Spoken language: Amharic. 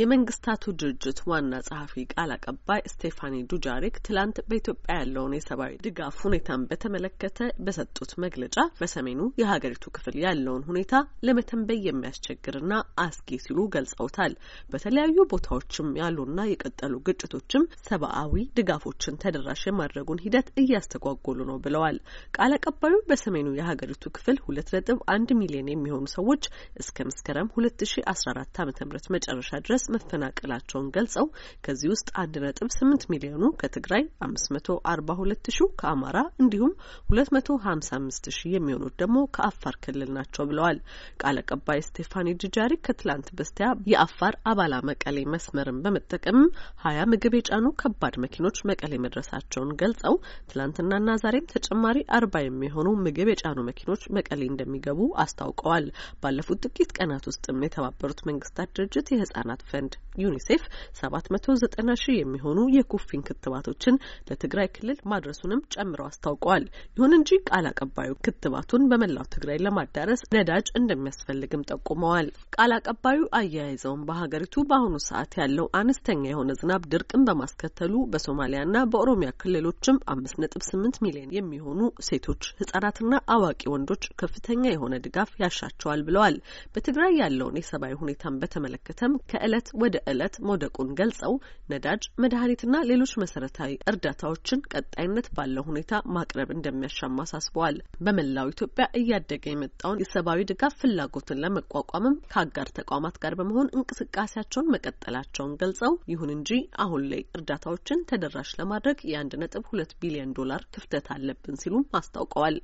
የመንግስታቱ ድርጅት ዋና ጸሐፊ ቃል አቀባይ ስቴፋኒ ዱጃሪክ ትላንት በኢትዮጵያ ያለውን የሰብአዊ ድጋፍ ሁኔታን በተመለከተ በሰጡት መግለጫ በሰሜኑ የሀገሪቱ ክፍል ያለውን ሁኔታ ለመተንበይ የሚያስቸግርና አስጊ ሲሉ ገልጸውታል። በተለያዩ ቦታዎችም ያሉና የቀጠሉ ግጭቶችም ሰብአዊ ድጋፎችን ተደራሽ የማድረጉን ሂደት እያስተጓጎሉ ነው ብለዋል። ቃል አቀባዩ በሰሜኑ የሀገሪቱ ክፍል ሁለት ነጥብ አንድ ሚሊዮን የሚሆኑ ሰዎች እስከ መስከረም ሁለት ሺ አስራ አራት አመተ ምህረት መጨረሻ ድረስ መፈናቀላቸውን ገልጸው ከዚህ ውስጥ አንድ ነጥብ ስምንት ሚሊዮኑ ከትግራይ አምስት መቶ አርባ ሁለት ሺ ከአማራ እንዲሁም ሁለት መቶ ሀምሳ አምስት ሺ የሚሆኑት ደግሞ ከአፋር ክልል ናቸው ብለዋል። ቃል አቀባይ ስቴፋኒ ጅጃሪ ከትላንት በስቲያ የአፋር አባላ መቀሌ መስመርን በመጠቀምም ሀያ ምግብ የጫኑ ከባድ መኪኖች መቀሌ መድረሳቸውን ገልጸው ትላንትናና ዛሬም ተጨማሪ አርባ የሚሆኑ ምግብ የጫኑ መኪኖች መቀሌ እንደሚገቡ አስታውቀዋል። ባለፉት ጥቂት ቀናት ውስጥም የተባበሩት መንግስታት ድርጅት የህጻናት ዘንድ ዩኒሴፍ ሰባት መቶ ዘጠና ሺህ የሚሆኑ የኩፊን ክትባቶችን ለትግራይ ክልል ማድረሱንም ጨምረው አስታውቀዋል። ይሁን እንጂ ቃል አቀባዩ ክትባቱን በመላው ትግራይ ለማዳረስ ነዳጅ እንደሚያስፈልግም ጠቁመዋል። ቃል አቀባዩ አያይዘውም በሀገሪቱ በአሁኑ ሰዓት ያለው አነስተኛ የሆነ ዝናብ ድርቅን በማስከተሉ በሶማሊያና በኦሮሚያ ክልሎችም አምስት ነጥብ ስምንት ሚሊዮን የሚሆኑ ሴቶች ህጻናትና አዋቂ ወንዶች ከፍተኛ የሆነ ድጋፍ ያሻቸዋል ብለዋል። በትግራይ ያለውን የሰብአዊ ሁኔታን በተመለከተም ከእለ ከዕለት ወደ ዕለት መውደቁን ገልጸው ነዳጅ፣ መድኃኒትና ሌሎች መሰረታዊ እርዳታዎችን ቀጣይነት ባለው ሁኔታ ማቅረብ እንደሚያሻማ አሳስበዋል። በመላው ኢትዮጵያ እያደገ የመጣውን የሰብአዊ ድጋፍ ፍላጎትን ለመቋቋምም ከአጋር ተቋማት ጋር በመሆን እንቅስቃሴያቸውን መቀጠላቸውን ገልጸው ይሁን እንጂ አሁን ላይ እርዳታዎችን ተደራሽ ለማድረግ የአንድ ነጥብ ሁለት ቢሊዮን ዶላር ክፍተት አለብን ሲሉም አስታውቀዋል።